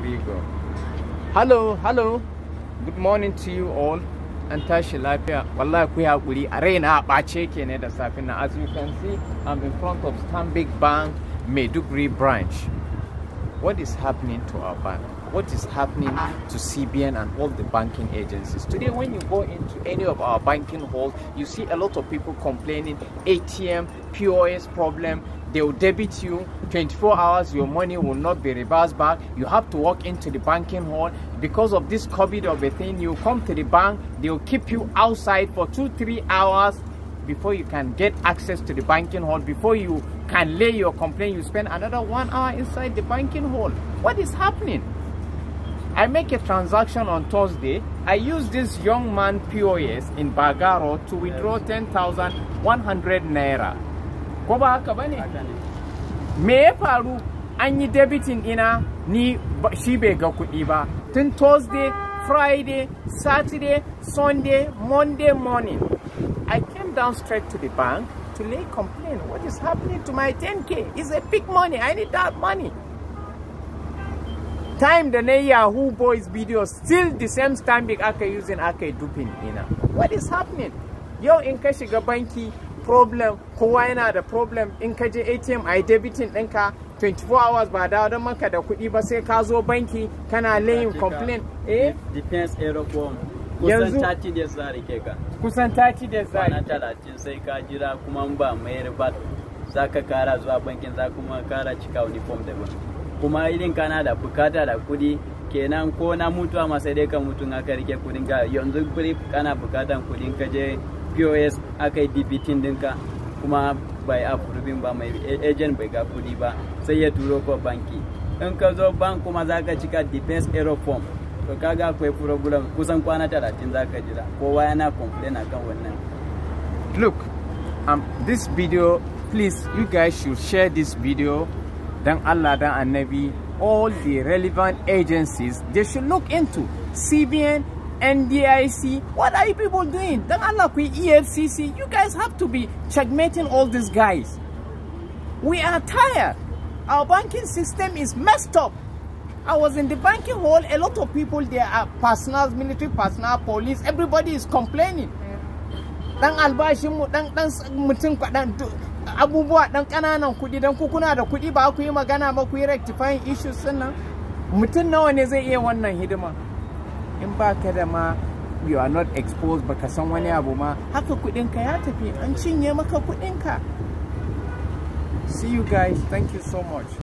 Rigo. Hello, hello. Good morning to you all. An tashi lafiya. Wallahi ku haƙuri a raina a ɓace ke ne da safe na. As you can see, I'm in front of Stanbic Bank Maiduguri branch. what is happening to our bank, what is happening to CBN and all the banking agencies. Today, when you go into any of our banking halls, you see a lot of people complaining ATM, POS problem. They will debit you 24 hours, your money will not be reversed back. You have to walk into the banking hall. Because of this COVID of a thing, you come to the bank, they'll keep you outside for two, three hours before you can get access to the banking hall, before you can lay your complaint, you spend another one hour inside the banking hall. What is happening? I make a transaction on Thursday. I use this young man POS in Bagaro to withdraw 10,100 naira. Ko ba haka Me ya faru an ina ni shi bai iba. kuɗi Thursday, Friday, Saturday, Sunday, Monday morning down straight to the bank to lay complaint. What is happening to my 10K? It's a big money. I need that money. Time the Yahoo boys video still the same stamping ake using ake duping You know What is happening? Yo in ka banki problem kowa the problem in ka je ATM ai debiting ɗinka 24 hours ba dawo don maka da kuɗi ba sai ka zo banki I lay complaint eh depends error form yanzu kusan 30 days za rike ka kusan 30 days za kwana 30 sai ka jira kuma ba mayar ba za ka kara zuwa bankin za kuma kara cika uniform daban kuma irin kana da bukata da kudi kenan ko na mutuwa ma sai dai ka mutu in aka rike kudin ka yanzu kuri kana bukatan kudin ka je pos aka yi debitin dinka kuma bai approving ba mai agent bai ga kudi ba sai ya turo ko banki in ka zo bank kuma za ka cika defense aeroform to kaga akwai kusan kwana jira kowa yana complain akan wannan look um, this video please you guys should share this video Then Allah dan annabi all the relevant agencies they should look into CBN NDIC what are you people doing Then Allah ku EFCC you guys have to be checkmating all these guys we are tired our banking system is messed up I was in the banking hall. A lot of people there are personals, military personnel, police. Everybody is complaining. Dan albashin dan dan mutum dan abubuwa dan kananan kudi dan ku kuna da kudi ba ku yi magana ba ku yi rectifying issues sannan mutum nawa ne zai iya wannan hidima in ba ka da ma you are not exposed baka san wani abu ma haka ka ya tafi an cinye maka kudinka see you guys thank you so much